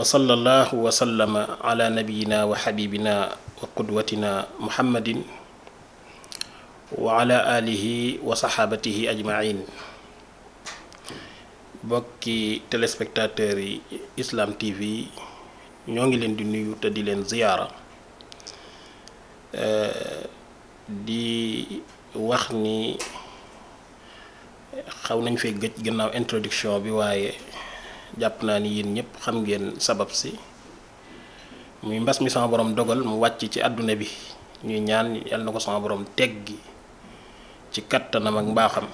وصلى الله وسلم على نبينا وحبيبنا وقدوتنا محمد وعلى آله وصحابته أجمعين بكي تلسبكتاتري إسلام تي في نيونغي لين دي تدي لين زيارة دي وخني خاو نانفي گج گناو انتروداكسيون japp na ni yeen ñep xam ngeen sabab si muy mbass mi sama borom dogal mu wacc ci aduna bi ñuy ñaan yalla nako sama borom teggi ci kattanam ak mbaxam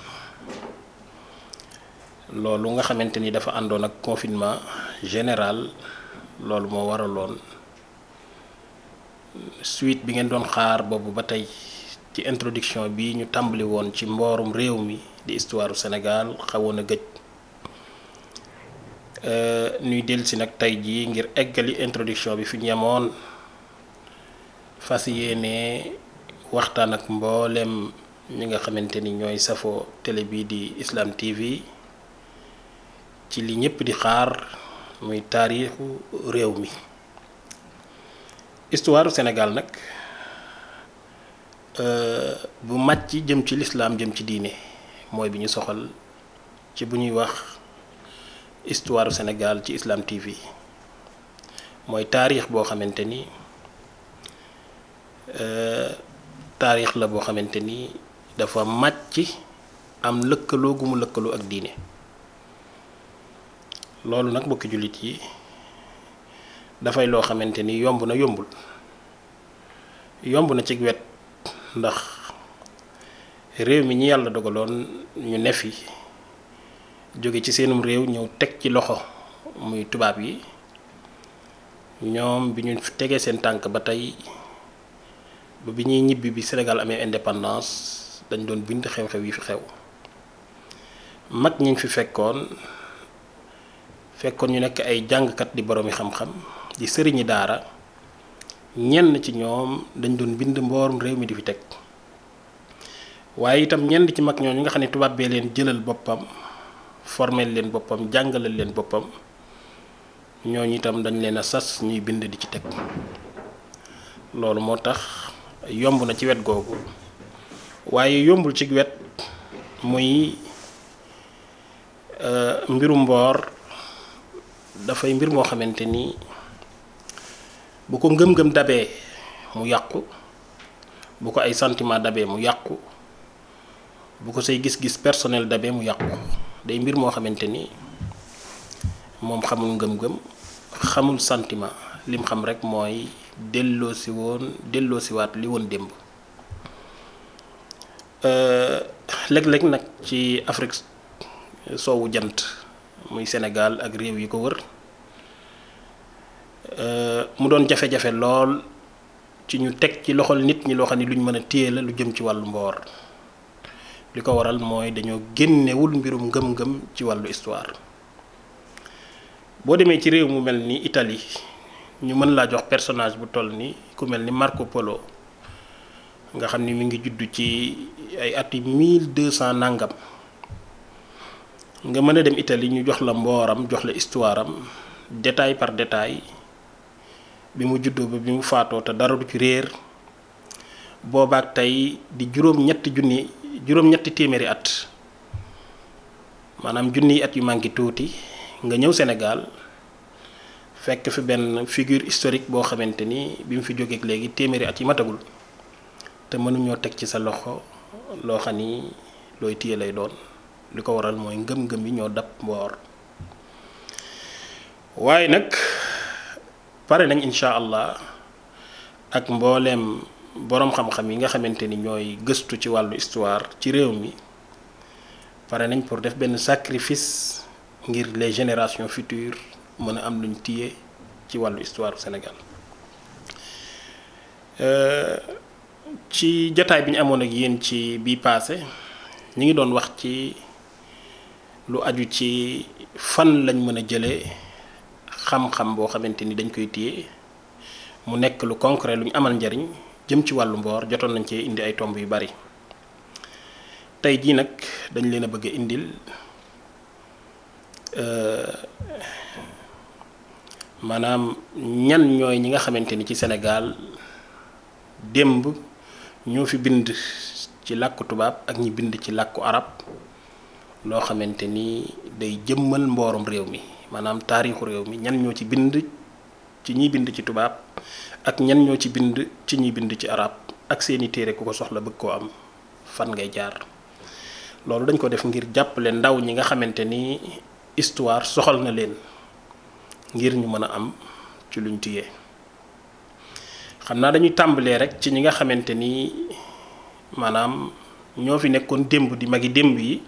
loolu nga xamanteni dafa andon ak confinement général loolu mo waralon suite bi ngeen doon xaar bobu ba ci introduction bi ñu tambali won ci mborum rew mi di histoire Sénégal senegal a gëj. Euh, ñuy delsi nag tey jii ngir eggali introduction bi fi ñemoon fas yéene waxtaan ak mboolem ñi nga xamante ni ñooy safo télé bii di islam tv ci li ñëpp di xaar muy taarixu réew mi histoire sénégal nag euh, bu màcc jëm ci l'islam jëm ci diine mooy bi ñu soxal ci bu wax histoire Sénégal ci Islam TV mooy taarix boo xamante ni euh, taarix la boo xamante ni dafa màcc am lëkkaloo gu mu lëkkaloo ak diine loolu nag mbokki jullit yi dafay loo xamante ni yomb na yombul yomb na ci wet ndax réew mi ñu yàlla dogaloon ñu ne fi jóge ci seenum réew ñëw teg ci loxo muy tubaab yi ñoom bi ñu tegee seen tànk ba tey ba bi ñuy ñibbi bi senegal amee indépendance dañ doon bind xew-xew yi fi xew mag ñiñ fi fekkoon fekkoon ñu nekk ay jàngkat di boroomi xam-xam di sëriñi daara ñenn ci ñoom dañ doon bind mboorum réew mi di fi teg waaye itam ñenn ci mag ñooñu nga xam ne tubaab bee leen jëlal boppam formel leen boppam jàngalal leen boppam ñooñu itam dañ leen a sas ñuy bind di ci teg loolu moo tax yomb na ci wet googu waaye yombul ci wet muy euh, mbiru mboor dafay mbir moo xamante ni bu ko ngëm-ngëm dabee mu yàqu bu ko ay sentiment dabee mu yàqu bu ko say gis-gis personnel dabee mu yàqu day mbir moo xamante ni moom xamul ngëm-ngëm xamul santiment lim xam rek mooy delloosi woon delloosiwaat li woon démb euh, léeg-léeg nag ci Afrique soowu jant muy Sénégal ak réew yi ko wër euh, mu doon jafe-jafe lool ci ñu teg ci loxol nit ñi loo xam ne lu ñu mën a téye la lu jëm ci wàllu mboor liko ko waral mooy dañoo génnewul mbirum ngëm-ngëm ci walu histoire bo démé ci réew mu melni ni Italie ñu mën la jox personnage bu toll ni ku melni Marco Polo nga xamni mi ngi judd ci ay ati 1200 nangam nga mëna dem Italie ñu jox la mboram jox la histoire am détail par détail bi mu juddo ba bi mu faato ta dara du ci réer boobaak tey di juróom ñetti junni juróom-ñetti téeméeri at manam jurni at yu mangi tuuti nga ñew Sénégal fekk fi ben figure historique bo xamanteni ni bi mu fi jógeeg léegi téeméeri at yi matagul te ñoo tek ci sa loxo lo xani ni looy lay doon liko waral moy ngëm-ngëm yi ñoo dab mbor waye nak paré nañ inshallah allah ak mbooleem borom xam-xam yi nga xamante ni ñooy gëstu ci wàllu histoire ci réew mi pare nañ pour def benn sacrifice ngir les générations futures mën a am luñ téye ci wàllu histoire Sénégal euh, ci jataay bi ñu amoon ak yéen ci bi passé ñi ngi doon wax ci lu aju ci fan lañ mën a jëlee xam-xam boo xamante ni dañ koy mu nekk lu concret lu ñu amal jëm ci walu mbor jotoon nañ ci indi ay tombe yu bari tay ji nak dañ leena bëgg indil indil euh, Manam ñan ñoy ñi nga xamanteni ci Sénégal demb ñu fi bind ci lakku tubab ak ñi bind ci lakku arab Lo xamanteni teni day jëmmal mborom réew mi Manam taarixu réew mi ñan ñoo ci bind ci ñi bind ci tubaab ak ñan ñoo ci bind ci ñi bind ci arab ak seeni téere ku ko soxla bëgg ko am fan ngay jaar loolu dañ ko def ngir jàppale ndaw ñi nga xamante ni histoire soxal na leen ngir ñu mën am ci luñ tiyee xam dañuy tàmbalee rek ci ñi nga xamante ni maanaam ñoo fi nekkoon démb di magi démb yi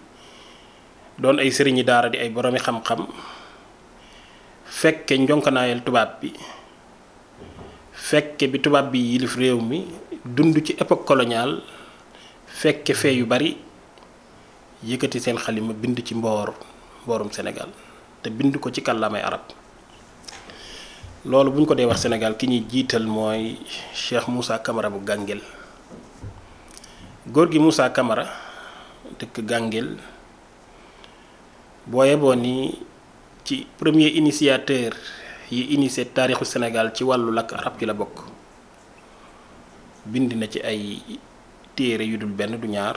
doon ay sëriñi daara di ay boromi xam-xam fekke njonkanaayal tubaab bi fekke bi tubaab bi yilif réew mi dund ci époque coloniale fekke fee yu bari yëkkati seen xalima bind ci mboor mboorum Sénégal te bind ko ci kàllaamay arab loolu buñ ko dee wax Sénégal ki ñuy jiital mooy Cheikh Moussa Camara bu Gàngel góor gi Moussa Camara dëkk Gàngel ci premier initiateur yi initié taarixu Sénégal ci walu lak arab ci la bok bind na ci ay téré yu dul ben du ñaar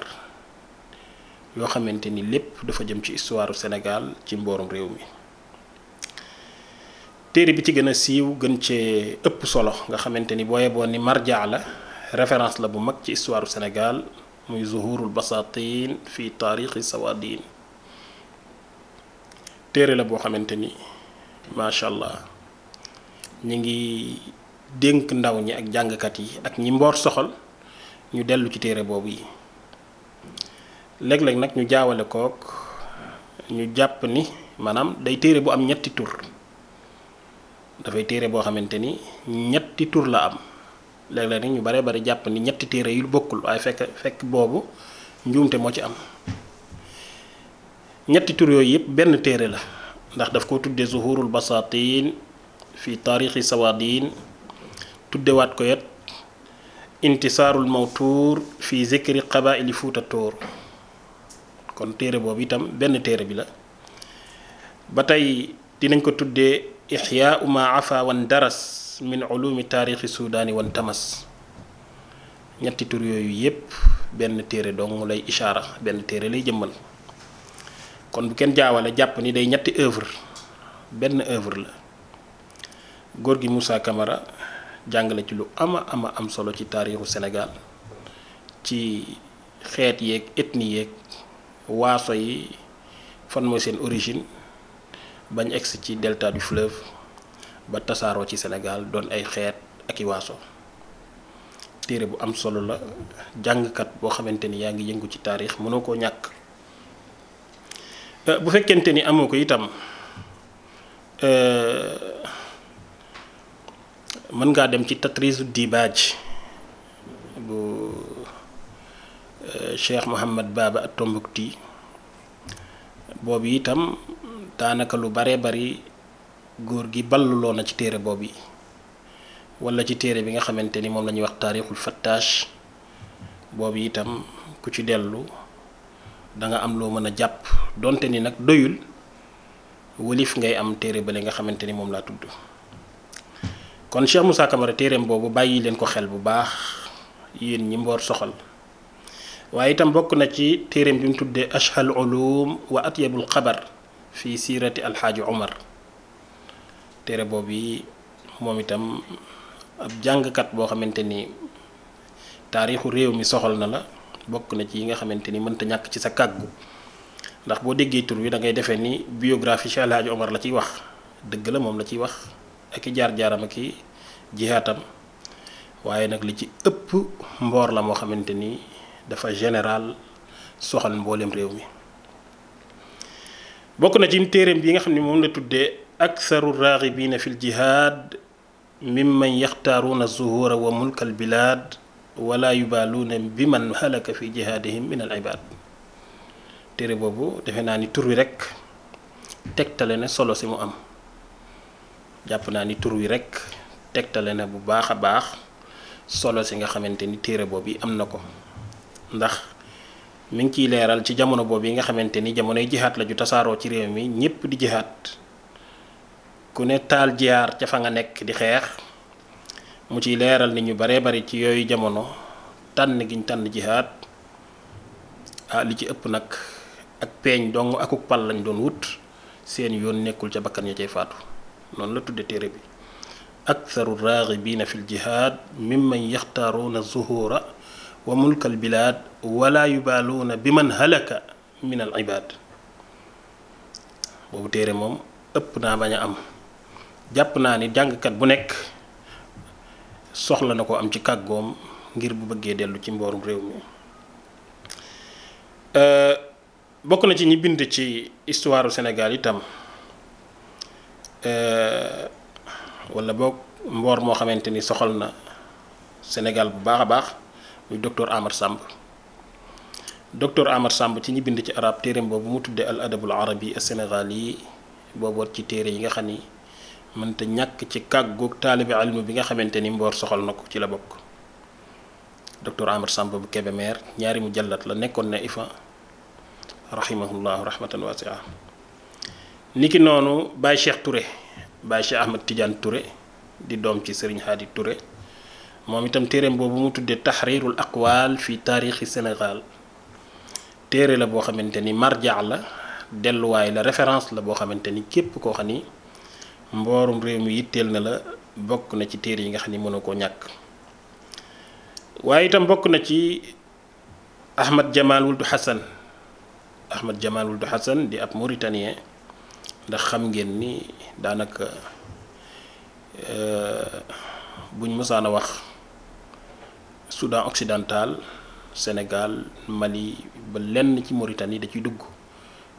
yo xamanteni lepp dafa jëm ci histoire Sénégal ci mborom réew mi téere bi ci gëna a siiw gën ci ëpp solo nga xamanteni ni booye ni marja la référence la bu mag ci histoire Sénégal muy zuhurul basatin fi taarixi sawadin téere la boo xamante ni macha allah ñu ngi dénk ndaw ñi ak jàngkat yi ak ñi mboor soxal ñu dellu ci téere boobu yi léeg-léeg nag ñu jaawale kook ñu jàpp ni maanaam day téere bu am ñetti tur dafay téere boo xamante ni ñetti tur la am léeg-léeg ñu bare bari jàpp ni ñetti téere yu bokkul waaye fekk fekk boobu njuumte moo ci am ñetti tur yooyu yëpp benn téere la ndax daf ko tudde zuhurul basatin fi taarixi sawadin tuddewaat ko yet intisarul mawtur fi zikri qabaili fuuta tour kon téere boobu itam benn téere bi la ba tey dinañ ko tuddee ixyaau ma afa wan daras min ulumi taarixi sudaani wan tamas ñetti tur yooyu yépp benn téere dong lay ishaara benn téere lay jëmmal kon bu kenn jaawale japp ni day ñetti œuvre benn œuvre la gor gui Moussa Camara jangale ci lu ama ama am solo ci taarixu Sénégal ci xeet yeeg ethnie yeeg waaso yi fan mooy seen origine bañ ex ci delta du fleuve ba tasaaroo ci Sénégal doon ay xeet ak i waaso téere bu am solo la jàngkat boo xamante ni yaa ngi yëngu ci taarix mënoo koo Euh, bu fekkente ni amoo ko itam euh, mën ngaa dem ci tatrisu dibaaj bu euh, Cheikh Mouhamad Baba at Tombouctou boobu itam daanaka lu bare bari góor gi balluloo na ci téere boobu wala ci téere bi nga xamante ni moom lañuy ñuy wax taarixul fattash boobu itam ku ci dellu da nga am lo meuna jàpp donte ni nak doyul wolif ngay am téré bale nga xamanteni mom la tuddu kon Cheikh Moussa kamara téereem bobu bàyyi len ko xel bu baax yéen ñi mbor soxal waye itam bokku na ci téereem bi mu tuddé ashal ulum wa atyabul qabr fi sirati alxaaji Omar téere boobu yi moom itam ab jang kat bo xamanteni tarikhu rew mi soxal na la bokk na ci yi nga xamante ni mënta ñàkk ci sa kàggu ndax boo déggee tur wi dangay ngay defee ni biographie Cheikh Omar la ciy wax dëgg la moom la ciy wax ak i jaar-jaaram ak i jihaatam waaye nag li ci ëpp mboor la moo xamante ni dafa général soxal mboolem réew mi bokk na ci téereem bi nga xam ne moom la tuddee aktharu raaxibiina fil jihaad mimman yaxtaaruuna zuhura wa mulkal bilaad wala yubaluna biman biman halaka fi jihadihim min al ibad tere bobu defena ni tour wi rek solo si mu am japp na ni tour wi rek tegtale bu baakha baax solo si nga xamanteni tere bobu am nako ko ndax mi ngi ciy leeral ci jamono bobu nga xamanteni jamono jihad la ju tasaro ci rew mi ñepp di jihad ku ne tal jiar ca fa nga nekk di xex mu ci leeral ni ñu baree bari ci yooyu jamono tànn giñ tànn jihaad ah li ci ëpp nag ak peeñ dong akuk pal lañ doon wut seen yoon nekkul ca bakkan ya cay faatu noonu la tudd téere bi aktharu raagibiina fi ljihaad mimman yaxtaaruuna zuhuura wa mulka albilaad wala yubaaluuna bi mën halaka min al ibaad boobu téere moom ëpp naa bañ a am jàpp naa ni jàngkat bu nekk soxla na ko am ci kàggoom ngir bu bëggee dellu ci mboorum réew mi euh, bokk na ci ñi bind ci histoire Sénégal itam euh, wala boog mboor moo xamante ni soxal na Sénégal bu baax a baax muy docteur Amar Samb docteur Amar Samb ci ñi bind ci arab téereem boobu mu tuddee al adabul arabi as sénégal yi booboot ci téere yi nga xam ni mënta ñàkk ci kàggu taalibi almu bi nga xamante ni mboor soxal na ko ci la bokk docteur Amar Samb bu Kébémer ñaari mu jallat la nekkoon na ifa rahimahullahu rahmatan wasia niki noonu Baye Cheikh Touré Baye Cheikh Ahmed Tidiane Touré di doom ci Serigne Hadi Touré moom itam téereem boobu mu tuddee taxriirul aqwaal fi taarixi Sénégal téere la boo xamante ni marja la delluwaay la référence la boo xamante ni képp koo xam ni mboorum réew mi yitteel na la bokk na ci téere yi nga xam ni mënu koo ñàkk waaye itam bokk na ci Ahmad Jamal Wuldu Hassan Ahmad Jamal Wuldu Hassan di ab mauritanien ndax xam ngeen ni daanaka euh, buñ mosaan a wax Soudan occidental Sénégal Mali ba lenn ci Mauritanie da ciy dugg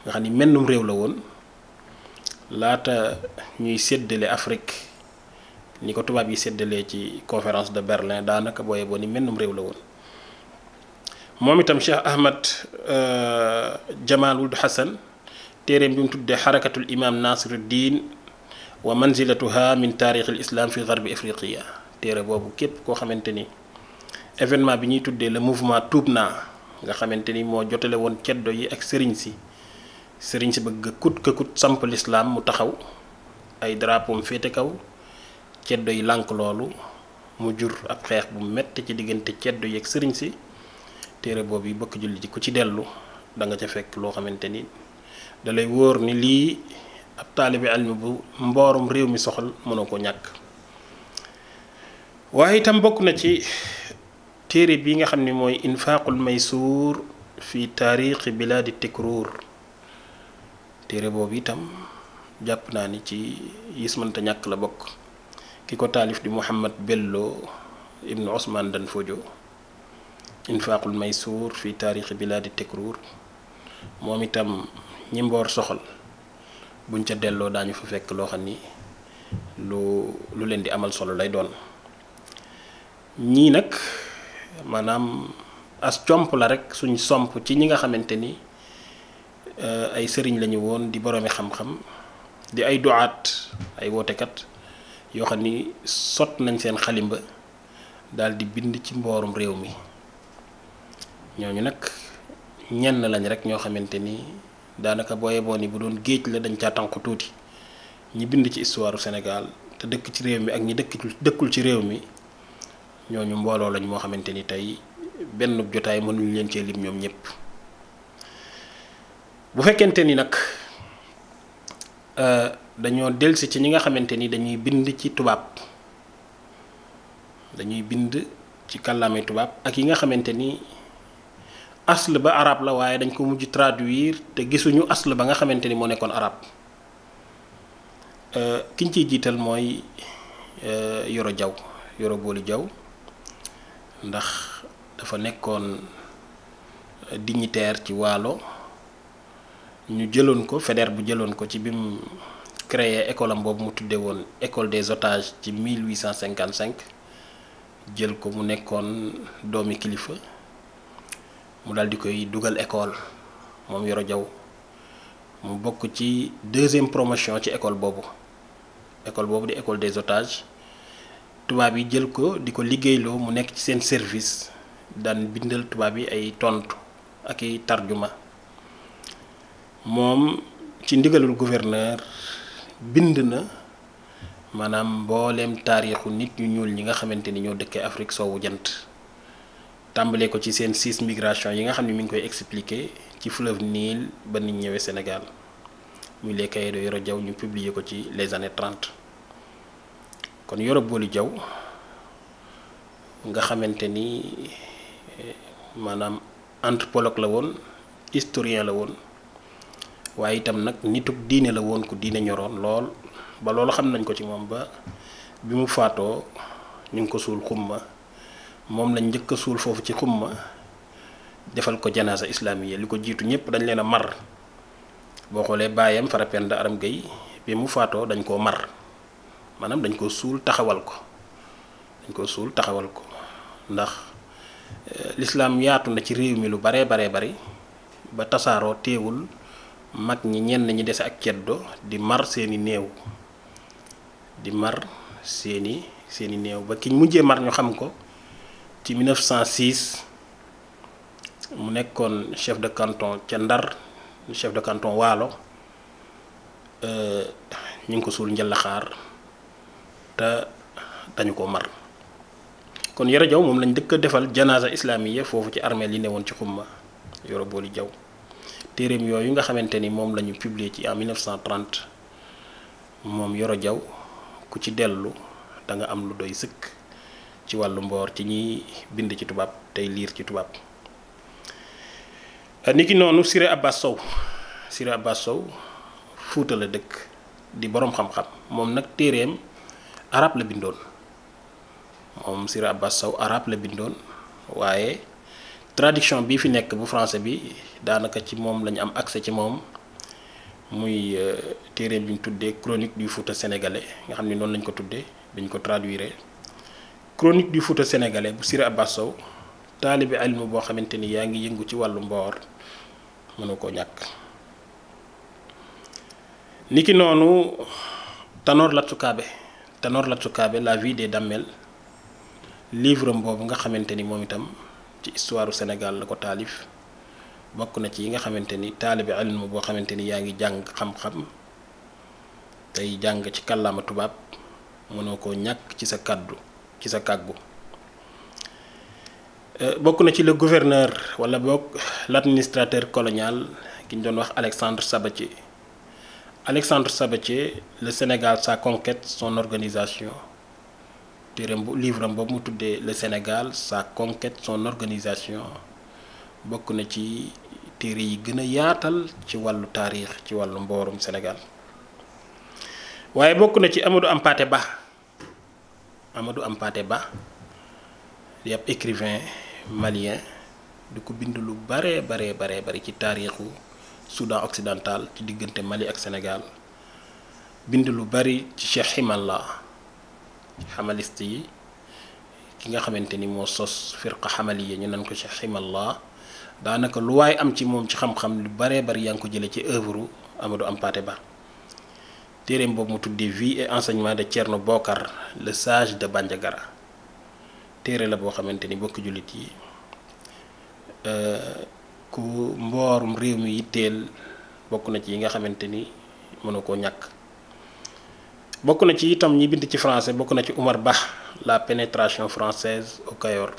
nga xam ni mennum réew la woon. laata ñuy séddale Afrique ni ko tubaab yi séddalee ci conférence de Berlin daanaka booye boo ni mennum réew la woon moom itam Cheikh Ahmad euh, Jamal Wuld Hassan téeréem bi mu tuddee xarakatul imam Nasiruddin wa manzilatuha min taarix al islam fi garbi afriqiya téere boobu képp koo xamante ni événement bi ñuy tuddee le mouvement tuub naa nga xamante ni moo jotale woon ceddo yi ak sëriñ si sëriñ si bëgg kut ka kut samp lislaam mu taxaw ay drapeau féete kaw ceddo yi lànk loolu mu jur ab xeex bu metti ci diggante ceddo yek sëriñ si téere boobu yi bokk julli ji ku ci dellu da nga ca fekk ni da ni lii ab taalibi almi bu mboorum réew mi soxal mënoo ko ñàkk waaye itam bokk na ci téere bi nga fi téere bobu itam japp na ni ci yis mënta la bok kiko talif di Muhammad Bello ibnu Osman fojo infaqul infakul fi tarikh bilad tikrur moom itam ñi mbor soxal buñ ca dello dañu fa fekk lo xani lu lu len di amal solo lay doon ñi nak polarek as chomp la rek suñ somp ci ñi nga xamanteni Eh, ay sëriñ lañu woon di boroomi xam-xam di ay duaat ay wootekat yoo xam ni sot nañ seen xalimba daal di bind ci mboorum réew mi ñooñu nag ñenn lañ rek ñoo xamante ni daanaka booye boon yi bu doon géej la dañ caa tànku tuuti ñi bind ci histoire Sénégal te dëkk ci réew mi ak ñi dëkk dëkkul ci réew mi ñooñu mbooloo lañ moo xamante ni tey benn jotaay mënuñ leen cee lim ñoom ñëpp bu fekkente ni nag euh, dañoo delsi ci ñi nga xamante ni dañuy bind ci tubaab dañuy bind ci kàllaame tubaab ak yi nga xamante ni asl ba arab la waaye dañ ko mujj traduire te gisuñu asl ba nga xamante ni moo nekkoon arab euh, kiñ ciy jiital mooy euh, Yoro Jaw Yoro Booli Jaw ndax dafa nekkoon dignitaire ci waalo ñu jëloon ko Faidherbe bu jëloon ko ci bi mu créé école am boobu mu tuddee woon école des otages ci 1855 jël ko mu nekkoon doomi kilifa mu daal di koy dugal école moom Yoro Jaw mu bokk ci deuxième promotion ci école boobu école boobu di école des otages tubaab yi jël ko di ko liggéeyloo mu nekk ci seen service daan bindal tubaab yi ay tontu ak i tarjuma moom ci ndigalul gouverneur bind na maanaam mbooleem taarixu nit ñu ñuul ñi nga xamante ni ñoo dëkkee Afrique soowu jant tàmbalee ko ci seen six migration yi nga xam ne mu ngi koy expliquer ci fleuve Nil ba nit ñëwee Sénégal muy les cahiers de Yoro Diaw ñu publier ko ci les années 30 kon Yoro Booly Diaw nga xamante ni eh, maanaam anthropologue la woon historien la woon waye itam nak nituk diine la won ku diine ñoroon lool ba lool xam nañ ko ci mom ba bi mu faato ñu ko sul xumma mom lañ jëk sul fofu ci xumma defal ko janaza islaamiya liko jitu ñepp dañ mar boo xoolee baayam Farapenda Aram gayi bi mu faato dañ ko mar manam dañ ko sul taxawal ko dañ ko sul taxawal ko ndax eh, l'islam yaatu na ci réew mi lu bare bare bari ba tasaro teewul mag ñi ñenn ñi dese ak ceddo di mar seeni néew di mar seeni seeni néew ba kiñ mujjee mar ñu xam ko ci 1906 mu nekkoon chef de canton ca Ndar chef de canton Waalo euh, ñu ngi ko suul njëllaxaar te dañu ko mar kon yore jaw moom lañ dëkk defal janaasa islaamiya foofu ci armeel yi ne woon ci xumma yoro booli jaw téeréem yooyu nga xamante ni moom lañu ñu publier ci en 1930 moom Yoro Diaw ku ci dellu danga am lu doy sëkk ci wàllu mboor ci ñiy bind ci tubaab tey liir ci tubaab euh, ki noonu Siré Abbas Sow Siré Abbas Sow Fuuta la dëkk di boroom xam-xam moom nag téeréem arab la bindoon moom Siré Abbas Sow arab la bindoon waaye tradition bii fi nekk bu français bi daanaka ci moom lañu am accès ci moom muy euh, téere bi ñu tuddee cronique du Fouta sénégalais nga xam ni noonu lañ ko tuddee dañ ko traduire chronique du Fouta sénégalais bu Siré Abbas Sow taalibe alimu boo xamante ni yaa ngi yëngu ci wàllu mboor mënu ko ñàkk ki noonu Tanor Latsukaabe Tanor Latsukaabe la vie des Damel livre boobu nga xamante ni moom itam ci histoire du Sénégal la ko taalif bokk na ci yi nga xamanteni talib taalibi ilmu boo xamante ni yaa xam-xam tay jang ci tubab mënoko ci sa kaddu ci sa euh, bokku na ci le gouverneur wala bok l'administrateur colonial ki ñu doon wax Alexandre Sabatier Alexandre Sabatier le Sénégal sa conquête son organisation téeram livre am mu le Sénégal sa conquête son organisation beaucoup na ci téere yi gën yaatal ci walu ci walu mborum Sénégal waye beaucoup ci Amadou Ampaté Bâ Amadou Ampaté Bâ écrivain malien du ko bindu lu bare bare bare bare ci taarixu Soudan occidental ci diggante Mali ak Sénégal bindu lu bari ci Cheikh Himallah hamalisti yi ki nga xamanteni mo sos firqa xamaliya ñu nan ko ci ximallah daanaka lu way am ci mom ci xam-xam lu bare bare yang ko jele ci œuvre amadou ampaté ba terem mu tuddé vie et enseignement de tierno Bokar le sage de Banjagara. téré la bo xamanteni bokk julit yi euh ku mboorum rew mi yitteel bokku na ci nga xamanteni bokk na ci itam ñi bind ci français bokk na ci Omar Ba la pénétration française au Cayor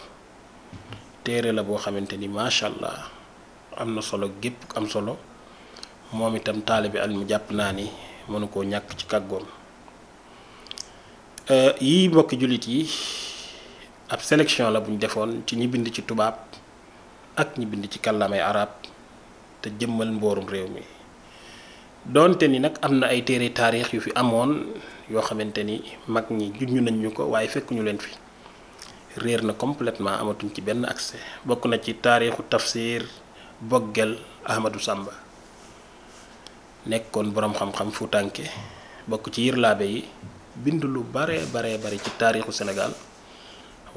téere la boo xamante ni macha allah am na solo gépp am solo moom itam taalibi al mu jàpp naa ni mënu koo ñàkk ci kàggoom euh, yi mbokki jullit yi ab sélection la bu defoon ci ñi bind ci tubaab ak ñi bind ci kàllaamay arab te jëmmal mboorum réew mi donte ni nag am na ay téere taarix yu fi amoon yoo xamante ni mag ñi juñu nañ ñu ko waaye fekk ñu leen fi réer na completement amatuñ ci benn accès bokk na ci taarixu tafsir boggel Ahmadou Samba nekkoon boroom xam-xam Fuutanke bokk ci yirlaabe yi bind lu bare bare bare ci taarixu Sénégal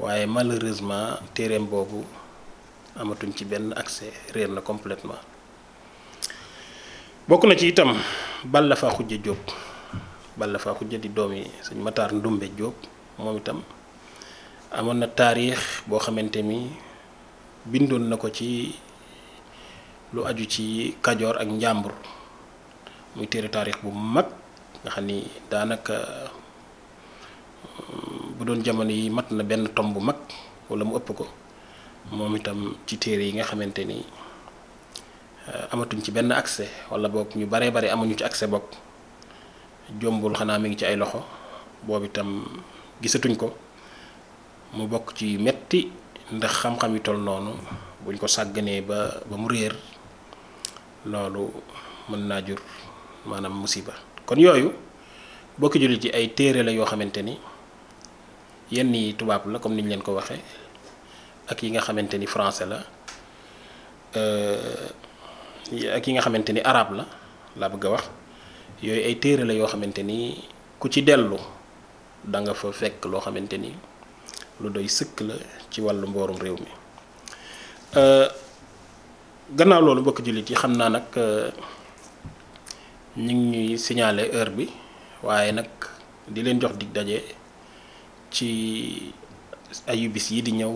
waaye malheureusement téereem boobu amatuñ ci benn accès réer na completement bokk na ci itam Balla Faa Xujja Jóob Balla Faa Xujja di doom yi sëñ Mataar Ndumbe Jóob moom itam amoon na taarix boo xamante ni bindoon na ko ci lu aju ci Kajoor ak Njàmbur muy téere taarix bu mag nga xam ni daanaka mm, bu doon jamono yi mat na benn tom bu mag wala mu ëpp ko moom itam ci téere yi nga xamante ni Eh, amatuñ ci benn accès wala boog ñu bare bare amuñu ci accès boog jombul xanaa mi ngi ci ay loxo boobu itam gisatuñ ko mu bokk ci metti ndax xam-xam yi tol noonu buñ ko sàgganee ba ba mu réer loolu mën naa jur maanaam musiba kon yooyu bokki jullit ci ay téere la yoo xamante ni yenn yi tubaab la comme niñ leen ko waxee ak yi nga xamante français la euh ak ki nga xamante ni arab la laa bëgg a wax yooyu ay téere la yoo xamante ni ku ci dellu danga nga fa fekk loo xamante ni lu doy sëkk la ci wàllu mboorum réew mi euh, gannaaw loolu bokk jullit yi xam naa nag euh, ñu ngi ñuy signaler heure bi waaye nag di leen jox di daje ci ayubis yi di ñëw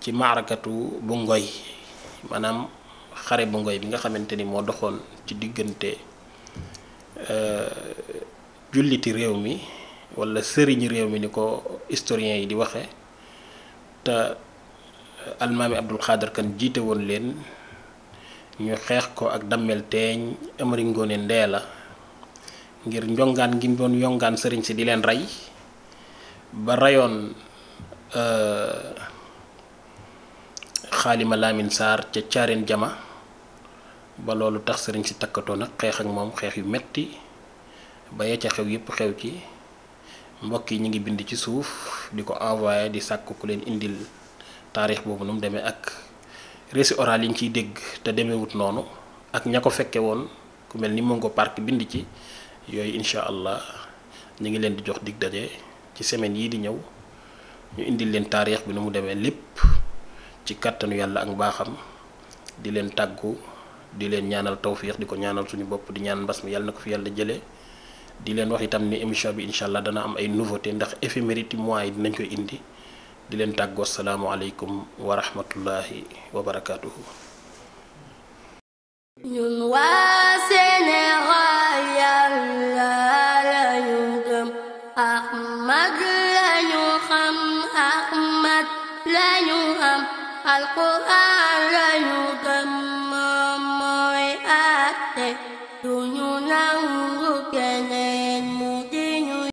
ci maarakatu bu ngoy maanaam xare bu ngoy bi nga xamante ni moo doxoon ci diggante euh, julliti réew mi wala sëriñ réew mi ni ko historien yi di waxe te euh, almaami abdul Qadir kan jiite woon leen ñu xeex ko ak dammel teeñ amari ngoone ndee la ngir njongaan gi doon yongaan sëriñ si di leen rey ba rayoon euh, xaalima laamin saar ca jama ba loolu tax sëriñ si takkatoon ak xeex ak moom xeex yu metti ba ya ca xew yépp xew ci mbokk yi ñu ngi bind ci suuf di ko envoyé di sàkk ku leen indil taarix boobu nu mu demee ak récit oral yi ñu dégg te demeewut noonu ak ña ko fekke woon ku mel ni Mongo Park bind ci yooyu incha allah ñu ngi leen di jox dig daje ci semaine yii di ñëw ñu indil leen taarix bi nu mu demee lépp ci kàttanu yàlla ak mbaaxam di leen tàggu. di leen ñaanal tawfiix di ko ñaanal suñu bopp di ñaan mbas mi yàlla na ko fi yàlla jëlee di leen wax itam ni émission bi incha allah dana am ay nouveauté ndax éphémérité mois yi dinañ koy indi di leen tàggoo salaamualeykum wa rahmatullahi wa barakaatuhu.